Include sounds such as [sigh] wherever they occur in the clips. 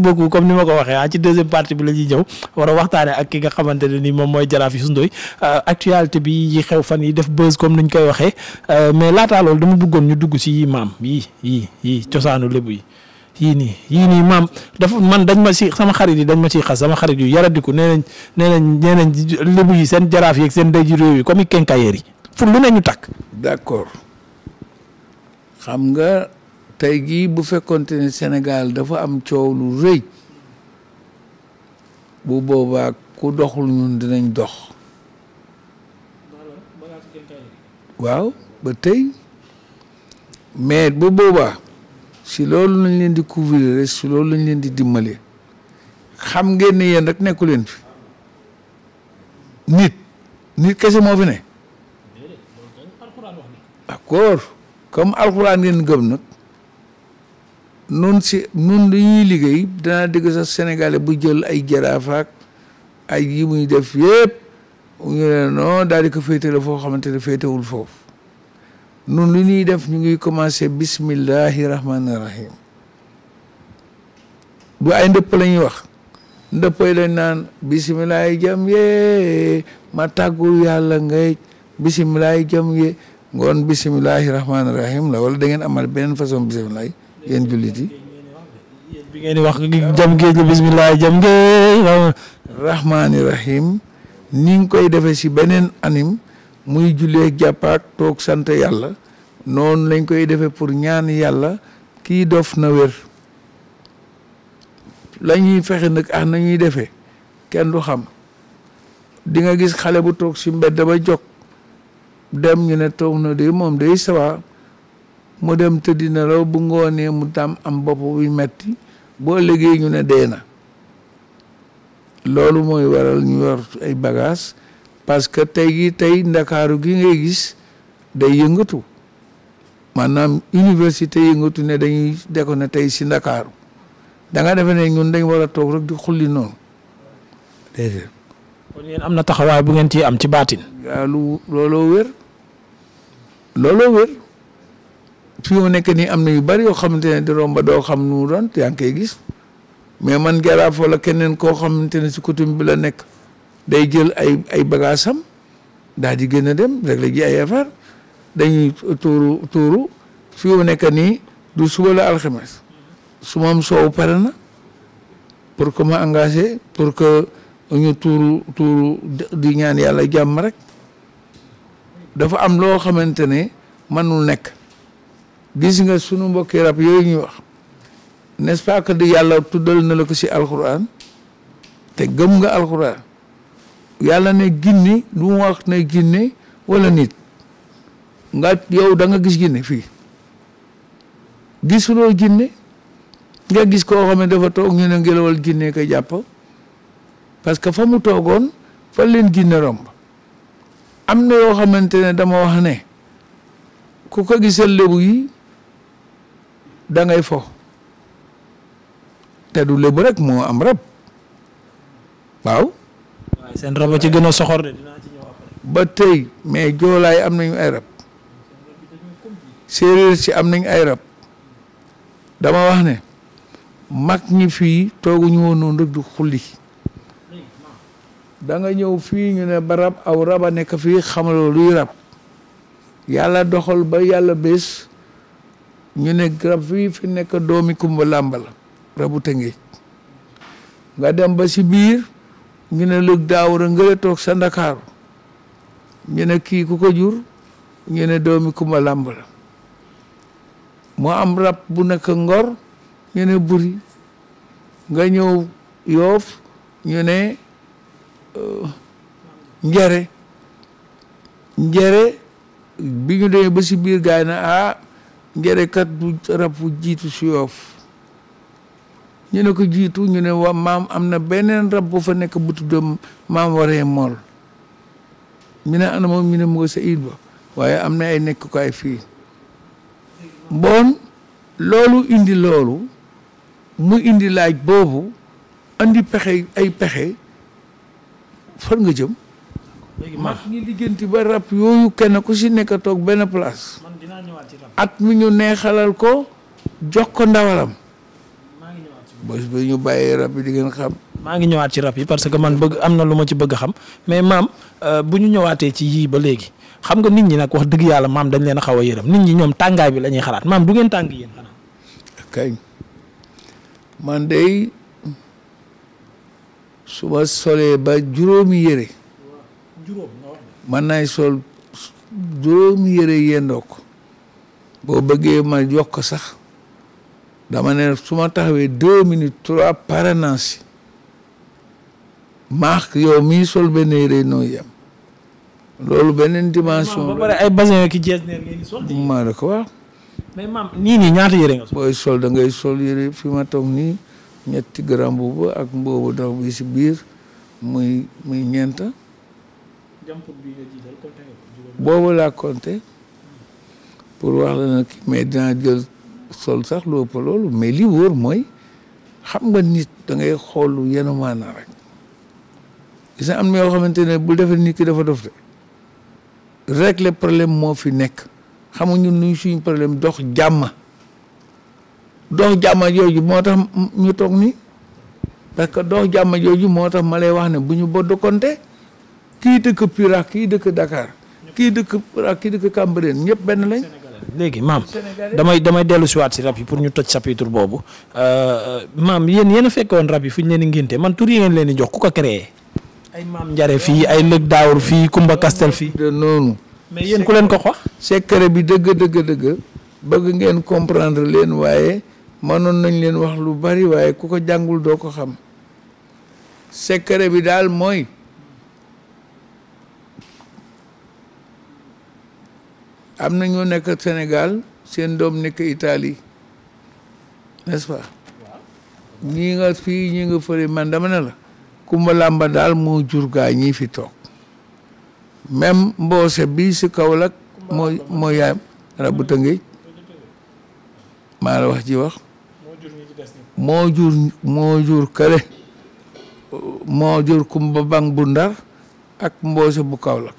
beaucoup comme ni ma ko waxee ah ci deuxième partie bi la ñëw war a waxtaane ak ki nga xamante ne ni moom mooy jaraaf Youssou Ndoye euh, actualité bi yi xew fan yi def buzz comme niñ koy waxee euh, mais laataa loolu dama bëggoon ñu dugg si yi maam yii yii yii cosaanu lébu yi yii nii yii nii maam dafa man dañ ma si sama xarit yi dañ ma siy xas sama xarit yu yaradiku nee nañ nee nañ nee nañ lébu yi seen jaraaf yeeg seen ndeyji réew yi comme i kenkayeer yi fu lu ne ñu takk d'accord xam nga tey jii bu fekkonte ne Sénégal dafa am coow lu rëy bu boobaa ku doxul ñun dinañ dox waaw ba tey mais bu boobaa si loolu lañ leen di couvrir si loolu lañ leen di dimbale xam ngeen ne yéen rek nekk leen fi nit nit kese moo fi ne comme alxuraan ngeen gëm nag noonu si noonu dañuy liggéey danaa dégg sax sénégalais bu jël ay jaraafaak ay yi muy def yëpp ñu ne non daal di ko féetale foo xamante ne féetewul foofu nun lu ñuy def ñu ngi commencé bismillahi rahmani rahim du ay ndëpp la ñuy wax ndëpp yi lañ naan bisimilahi jam ye ma tàggu yàlla ngay bisimilahi jam ye ngoon bisimilahi rahmani rahim la wala da ngeen amal beneen façon bisimilahi yéen jullit ngeen wax jam géej la jam géej rahmaani rahim ni nga koy defee si beneen anim muy jullee jàppaak toog sant yàlla noonu lañ koy defee pour ñaan yàlla kii dof na wér la ñuy fexe nag ah na ñuy defee kenn du xam di nga gis xale bu toog si mbedd ba jóg dem ñu ne toog na de moom day sawa mu dem tëddi nelaw bu ngoonee mu tam am bopp buy metti boo liggéey ñu ne dee na loolu mooy waral ñu yor ay bagas parce que tey gi tey ndakaaru gi ngay gis day yëngatu maanaam université yëngatu ne dañuy deko ne tey si ndakaaru da nga defe de ñun dañ war a toog rek di xulli noonu déedéet kon yéen am na taxawaay bu ngeen ci am ci baatin. waaw lu looloo wér fi mu nekk nii am na yu bari yoo xamante ne di romba doo xam nu mu doon yaa ngi koy gis mais man jaraaf wala keneen koo xamante ne si coutume bi la nekk day jël ay ay bagaasam daal di gën a dem régler ji ay affaire dañuy tuuru tuuru fi mu nekk nii du suba la alxames su ma am soow pare na pour que ma engagé pour que ñu tuuru tuuru di ñaan yàlla jàmm rek dafa am loo xamante ne mënul nekk. gis nga sunu mbokki rab yooyu ñuy wax n'est-ce pas que di yàlla tuddal na la ko ci alxuraan te gëm nga alxuraan yàlla ne ginne du mu wax ne ginne wala nit nga yow danga gis ginne fii gisuloo ginne nga gis koo xam dafa toog ñu ne ngelawal ginne ko jàpp parce que fa mu toogoon fa leen ginne romb am na yoo xamante ne dama wax ne ku ko gisal lébu yi da ngay fo te du lébu rek moo am rab waaw. seen rab a ci gën a soxor ba tey mais joolaay am nañu ay rab séeréer si am nañu ay rab dama wax ne mag ñi fii tooguñu woon noonu rek du xulli da ñëw fii ñu ne ba rab aw rab a nekk fii xamaloo luy rab yàlla doxal ba yàlla bés. ñu ne garab fii fi nekk doomi kumba làmb la rabu tëngéej nga dem ba si biir ñu ne lëg daawur a ngële toog sa ndakaaru ñu ne kii ku ko jur ñu ne doomi kumba làmb la mu am rab bu nekk ngor ñu ne buri nga ñëw yoof ñu ne euh, njare njare bi ñu demee ba si biir gaay na ah ngerekat bu rab jiitu si ñu ne ko jiitu ñu ne maam am na beneen rab bu fa nekk bu tudd maam waree mool ñu ne ana moom ñu ne mu nga sa it ba waaye am na ay nekk ko fii bon loolu indi loolu mu indi laaj boobu andi pexe ay pexe fan nga jëm léegi mag ñi liggéenti rab yooyu kenn ku si nekk toog benn place at mi ñu neexalal ko jox ko ndawalam bés ba ñu bàyyi rab yi di xam maa ngi ñëwaat ci rab yi parce que man bëgg am na lu ma ci bëgg xam mais maam euh, bu ñu ñëwaatee ci yii ba léegi xam nga nit ñi nag wax dëgg yàlla maam dañ leen a xaw a yërëm nit ñi ñoom tàngaay bi la ñuy xalaat maam du ngeen tàng yéen xanaa kañ man day su ma solee ba juróomi yére man naay sol juróomi yére yendook boo bëggee ma yokk sax dama ne su ma taxawee deux minutes trois pare naa max yo yow sol benn yére noo yem loolu beneen dimension. ba pare ay basin ak jees di sol. maa la ko wax. mais maam nii nii ñaata sol. booy sol da ngay sol yére fi ma toog nii ñetti grand mbubb ak mboobu ndox bi si biir muy muy ñeent. boobu laa compté. pour wax la nag mais dinaa jël sol sax lu ëpp loolu mais li wóor mooy xam nga nit da xoolu xool lu yenu rek gis am na yoo xamante ne bu defee nit ki dafa dof de régler problème moo fi nekk xamuñu ñun suñu problème dox jàmma dox jàmma jooju moo ñu toog nii parce que dox jàmma jooju moo tax ma lay wax ne bu ñu bodd konte kii dëkk Pira kii dëkk Dakar kii dëkk Pira kii dëkk Cambérène ñëpp benn lañ léegi maam damay damay dellu si waat si rab yi pour ñu toj chapitre boobu euh, euh, maam yéen yéen a fekkoon rab yi fu ñu leen di ngénte man tur yi ngeen leen di jox ku ko créé. ay maam Njare fii ay lëg daawur fii Kumba Kastel fii. de noonu. mais yéen ku leen ko wax. secret bi dëgg dëgg dëgg bëgg ngeen comprendre leen waaye mënoon nañ leen wax lu bari waaye ku ko jàngul doo ko xam secret bi daal mooy. am na ñoo nekk Sénégal seen doom nekk Italie nest ñii nga fii ñii nga fële man dama ne la kumba làmba daal moo jur gaa ñii fi toog même mboose bii si Kaolack moo moo yaayam rabu tëngéej maa la wax ji wax moo jur moo jur kale moo jur kumba bang bu ndar ak mbose bu Kaolack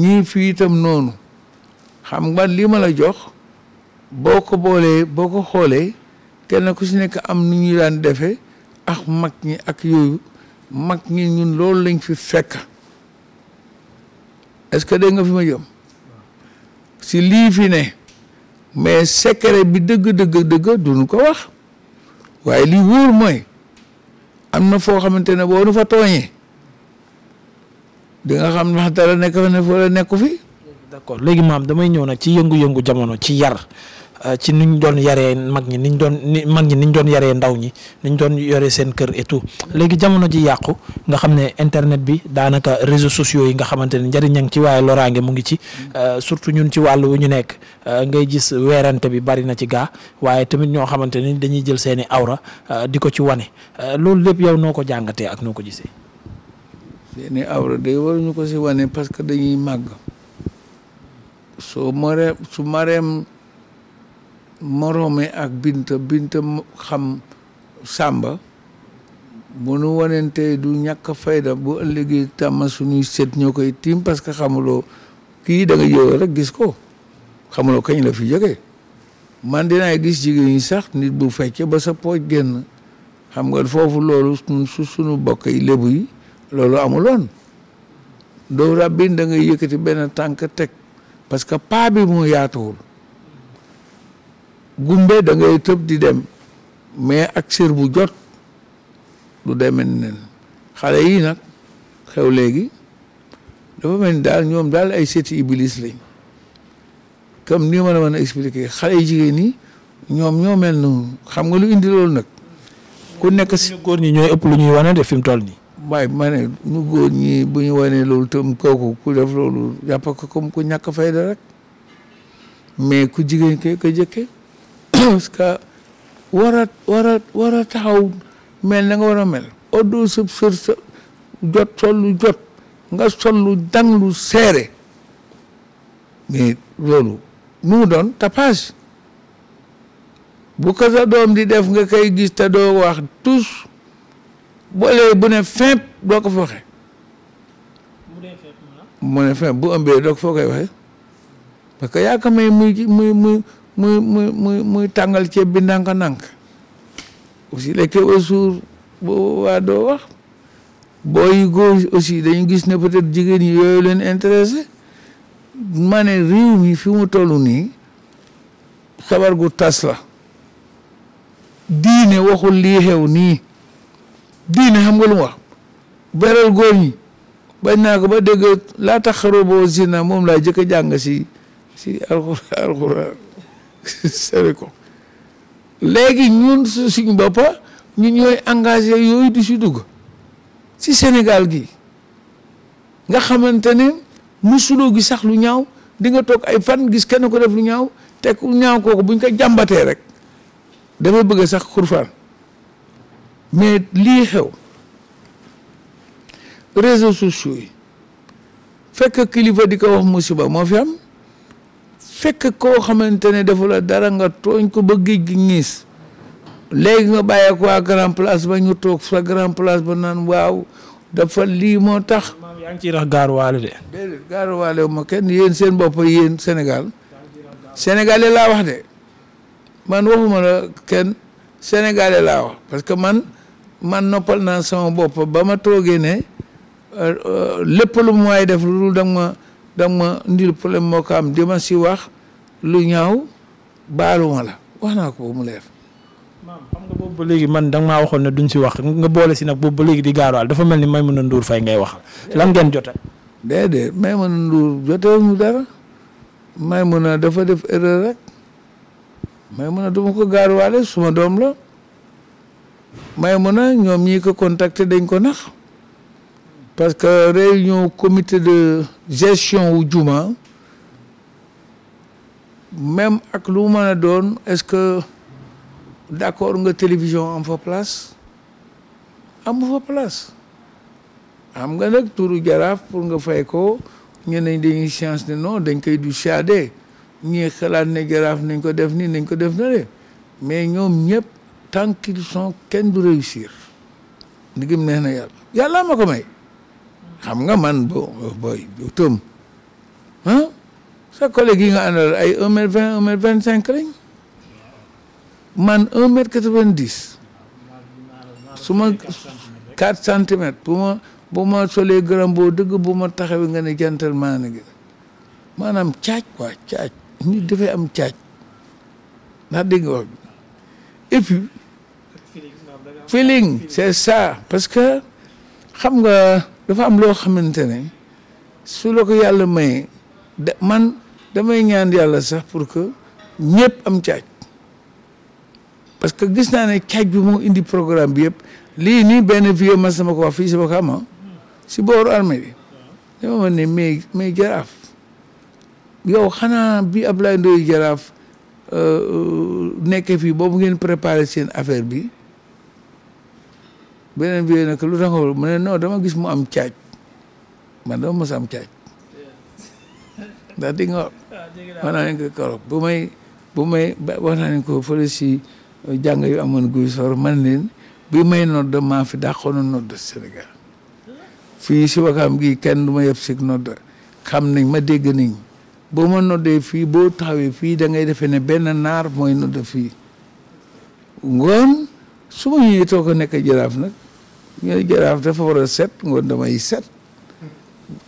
ñii fii itam noonu xam nga lii ma la jox boo ko boolee boo ko xoolee kenn ku si nekk am nu ñuy daan defee ak mag ñi ak yooyu mag ñi ñun loolu lañ fi fekk est-ce que dégg nga fi ma jëm si lii fi ne mais secret bi dëgg dëgg dëgg duñu ko wax waaye lii wóor mooy am na foo xamante ne boo nu fa tooñee di nga xam ndax dara ne fa la nekku fi d'accord léegi maam damay ñëw nag ci yëngu-yëngu jamono ci yar euh, ci ni ñu doon yaree mag ñi ni ñu doon ni mag ñi ni ñu doon yaree ndaw ñi ni ñu doon yoree seen kër et léegi jamono ji yàqu nga xam ne internet bi daanaka réseaux sociaux yi nga xamante ne njëriñ ngi ci waaye loraange mu ngi ci euh, surtout ñun ci wàllu wu ñu nekk euh, ngay gis weerante bi bari na ci gaa waaye tamit ñoo xamante ni dañuy jël seeni awra di ko ci wane loolu lépp yow noo ko jàngatee ak noo ko gisee. soo maree su mareem ak binta binta xam sàmba bu nu wanentee du ñàkk fayda bu ëllëgee tàmm suñuy set ñoo koy tiim parce que xamuloo kii da nga gis ko xamuloo kañ la fi jógee man dinaay gis jigéen ñi sax nit bu fecce ba sa pooj génn xam nga foofu loolu su suñu bokk yi lébu yi loolu amuloon doo ràbbin da ngay yëkkati benn tànk teg parce que paa bi mu yaatuwul gumbe da ngay tëb di dem mais ak sër bu jot du demen nen xale yi nag xew léegi dafa mel ni daal ñoom daal ay seeti iblis lañ comme ni ma la mën a expliquer xale yi jigéen ñi ñoom ñoo mel noonu xam nga lu indi loolu nag. ku nekk si góor ñi ñooy ëpp lu ñuy wane de fi mu toll nii. waaye ma ne ñu góor ñi bu ñu wane loolu tam kooku ku def loolu jàpp ko comme ku ñàkk fayda rek mais ku jigéen ke ko jëkke [clears throat] parce que war a war mel na nga war a mel oddoo sëb sër sa jot sollu jot nga sollu dang lu seere mais loolu nu mu doon bu ko sa doom di def nga koy gis te doo wax tous bu ëllëgee bu ne fépp doo ko fa waxee. mu ne fépp bu ëmbee doo ko foo koy waxee parce que yaa ko may muy muy muy muy muy muy muy tàngal ceeb bi ndànk-ndànk aussi lekkee au jour boo waa doo wax aussi dañu gis ne peut-être jigéen ñi yooyu leen intéressé ma ne réew mi fi mu toll nii sabar gu tas la diine waxul lii xew nii diine xam nga lu mu wax beral góor ñi bañ naa ko ba dégg laa tax xaroo boo zina moom laa jëkk a jàng si si alxuraan [laughs] ko léegi ñun suñ boppa ñun engagé yooyu di si dugg si Sénégal gi nga xamante ne musuloo gi sax lu ñaaw di nga toog ay fan gis kenn ko def lu ñaaw te ku ñaaw kooku buñ ko jàmbatee rek dafay bëgg sax xurfaan mais lii xew réseaux sociaux yi fekk kilifa di ko wax musiba moo fi fekk koo xamante ne defu dara nga tooñ ko ba géej gi ñiis léegi nga bàyyeeku waa grand place ba ñu toog sa grand place ba naan waaw dafa lii moo tax. maam yaa ngi ciy rax gaaruwaale de. déedéet gaaruwaale ma kenn yéen seen bopp yéen Sénégal. Sénégalais laa wax de man waxuma la kenn. sénégalais laa wax parce que man man noppal naa sama bopp ba ma toogee ne euh, euh, lépp lu mu waay def lu dang ma dang ma problème moo ko am di ma si wax lu ñaaw baaluma la wax naa ko ba mu leer. maam ba léegi man danga maa waxoon ne duñ si wax nga boole si nag boobu ba léegi di gaaruwaal dafa mel ni Maimouna Ndour Faye ngay wax lan ngeen jotee. déedéet Maimouna Ndour jotewuñu dara Maimouna dafa def erreur rek. may mun a du ma ko gaaruwaale suma doom la may mun a ñoom ñii ko contacter dañ ko nax parce que réunion comité de gestion wu juma même ak lu mën doon est-ce que d'accord nga télévision am fa place am fa place am nga nag turu jaraaf pour nga fay ko ñeneen dañuy science ne non dañ koy du CAD ñii xalaat ne jaraaf nañ ko def nii nañ ko def na leen mais ñoom ñëpp tant qu'ils sont kenn du réussir ndigam neex na yàlla yàlla ma ko may xam nga man bo boy tëm ah sa collègue yi nga àndal ay un mètre vingt un mètre vingt cinq lañ man un mètre quatre vingt dix su ma quatre centimètres bu ma bu ma solee gërëm boo dëgg bu ma taxawee nga ne gentleman gi maanaam caaj quoi caaj nit dafay am caaj ndax dégg wax bi et puis c'est ça parce que xam nga dafa am loo xamante ne su la yàlla maye da man damay ñaan yàlla sax pour que ñëpp am caaj parce que gis naa ne caaj bi moo indi programme bi yëpp lii nii benn vieux ma sama ko wax fii sama ah, ko si booru armée bi dama ma ne mais jaraaf yow xanaa bi Ablaye Ndoye Jaraaf euh, euh, nekkee fii boobu ngeen préparé seen affaire bi beneen bi nag lu tax mu ne non dama gis mu am caaj man dama mos am caaj ndax di nga wax bu may bu may wax naa leen ko fële si euh, jàng yu amoon guy sor man leen bi may nodd maa fi dàqoon nodd Sénégal si wakaam gi kenn du ma yeb si nodd xam nañ ma dégg boo ma noddee fii boo taxawee fii da ngay defee ne benn naar mooy nodda fi ngoon su ma ñëwee toog a nekk jaraaf nag ñooy jaraaf dafa war a set ngoon damay set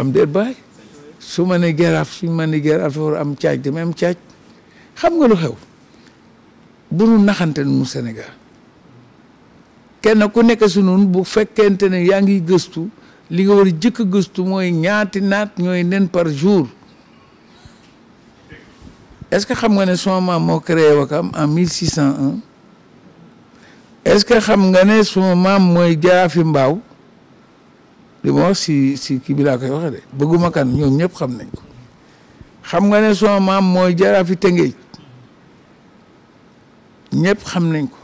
am déet baay su ma ne jaraaf suñ ma ne jaraaf dafa war am caaj damay am caaj xam nga lu xew bu nu naxante nu Sénégal kenn ku nekk si nun bu fekkente ne yaa ngi gëstu li nga war a jëkk gëstu mooy ñaati naat ñooy nen par jour est-ce que xam nga ne suma maam moo créé Wakam en 1601 est-ce que xam nga ne suma maam mooy jaafi mbaaw li ma wax si si kii bi laa koy waxee de bëgguma kan ñoom ñëpp xam nañ ko xam nga ne suma maam mooy jaraafi tëngéej ñëpp xam nañ ko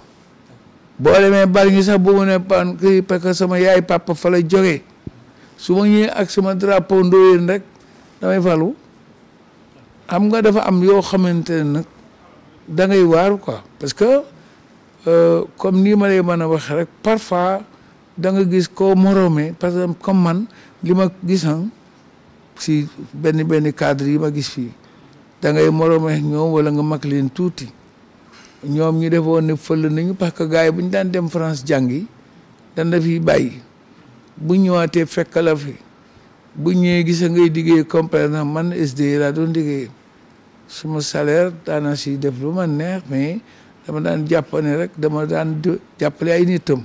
boo demee bari ñu sax bëggu ne pan kii parce que sama yaay papa fa la jógee su ma ñëwee ak sama drapeau ndóoyeen rek damay falu am nga dafa am yoo xamante ne nag da ngay waaru quoi parce que euh, comme nii ma mën a waxee rek parfois da nga gis koo moromee par exemple comme man li ma gisan si benn benn cadre yi ma gis fii dangay ngay moromee ñoom wala nga mag leen tuuti ñoom ñu defoon ne fël nañu parce que gars yi bu ñu daan dem France jàngi dan la fiy bàyyi bu ñëwaatee fekk la fi bu ñëwee gis ngay liggéey comme par exemple man SDE laa doon liggéey suma salaire daana si def lu ma neex mais dama daan jàppane rek dama daan jàppale ay nitam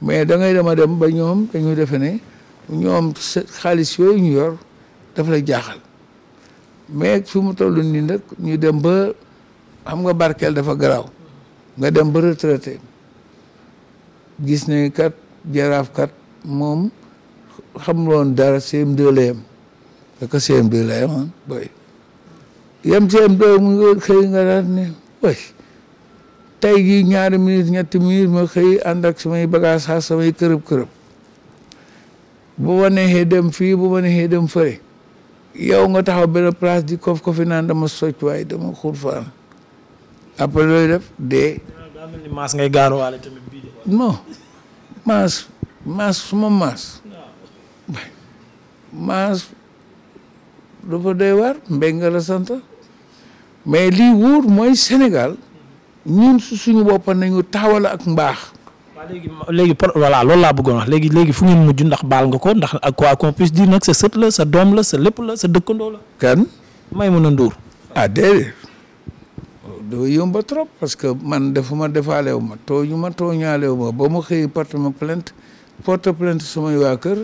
mais da ngay dama dem ba ñoom dañu defe ne ñoom xaalis yooyu ñu yor daf lay jaaxal mais fi mu toll nii nag ñu dem ba xam nga barkeel dafa garaaw nga dem ba retraité gis ne kat jaraaf kat moom xamuloon dara CM2 la yem parce que CM2 yam ci am mu ngi xëy nga daan ne way tey jii ñaari minute ñetti minute ma xëy ànd ak samay bagage xaas samay kërëb kërëb bu ma neexee dem fii ma neexee dem fële yow nga taxaw benn place di kof kofi naan dama socc waaye dama xuur faan après looy def dee. daa mel ni maas ngay waar mbéy nga la sant. mais lii wuur mooy Sénégal ñun su suñu bopp nañu taawal ak mbaax. waaw léegi léegi voilà loolu laa bëggoon wax léegi léegi fu ngeen mujj ndax baal nga ko ndax ak quoi qu'on puisse dire nag sa sët la sa doom la sa lépp la sa dëkkandoo la. kan Maimouna Ndour. ah déedéet oh, doo yomba trop parce que man defuma defaale wu ma tooñu ma tooñaale wu ma ba ma xëy porte ma plainte porte plainte samay waa kër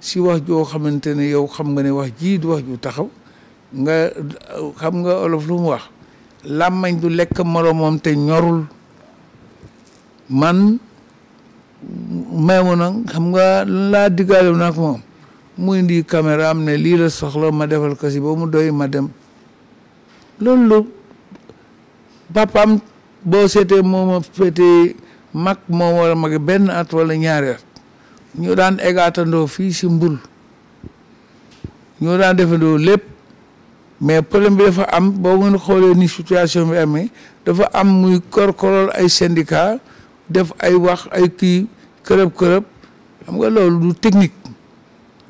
si wax joo xamante ne yow xam nga ne wax jii du wax ju taxaw. nga xam nga olof lu mu wax làmmañ du lekk moom te ñorul man maymu nag xam nga laa diggaale nag moom mu indi caméra am ne lii la soxla ma defal ko si ba mu doy ma dem loolu papam boo seetee mooma féetee mag moom wala mag benn at wala ñaari at ñu daan eggaatandoo fii si mbul ñu daan defandoo lépp mais problème bi dafa am boo ngeen xoolee ni situation bi amee dafa am muy korkorool ay syndicat def ay wax ay kii kërëb kërëb xam nga loolu du technique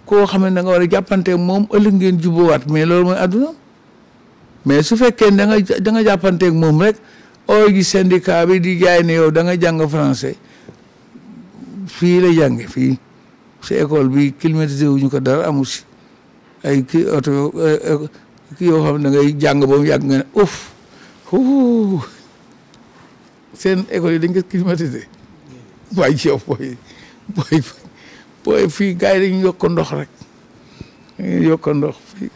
koo xam ne da nga war a jàppante moom ëllëg ngeen jubbowaat mais loolu mooy àdduna mais su fekkee da danga da nga jàppanteeg moom rek oo gi syndicat di jaay ne da nga jàng français fii la jànge fii si école bi climatisé wuñu ko dara amu si ay kii oto ki yoo xam ne ngay jàng ba mu yàgg nga ne ouf seen école yi dañ ko climatisé waaye yow booy booy booy fii gars yi dañu yokk ndox rek dañuy yokk ndox fii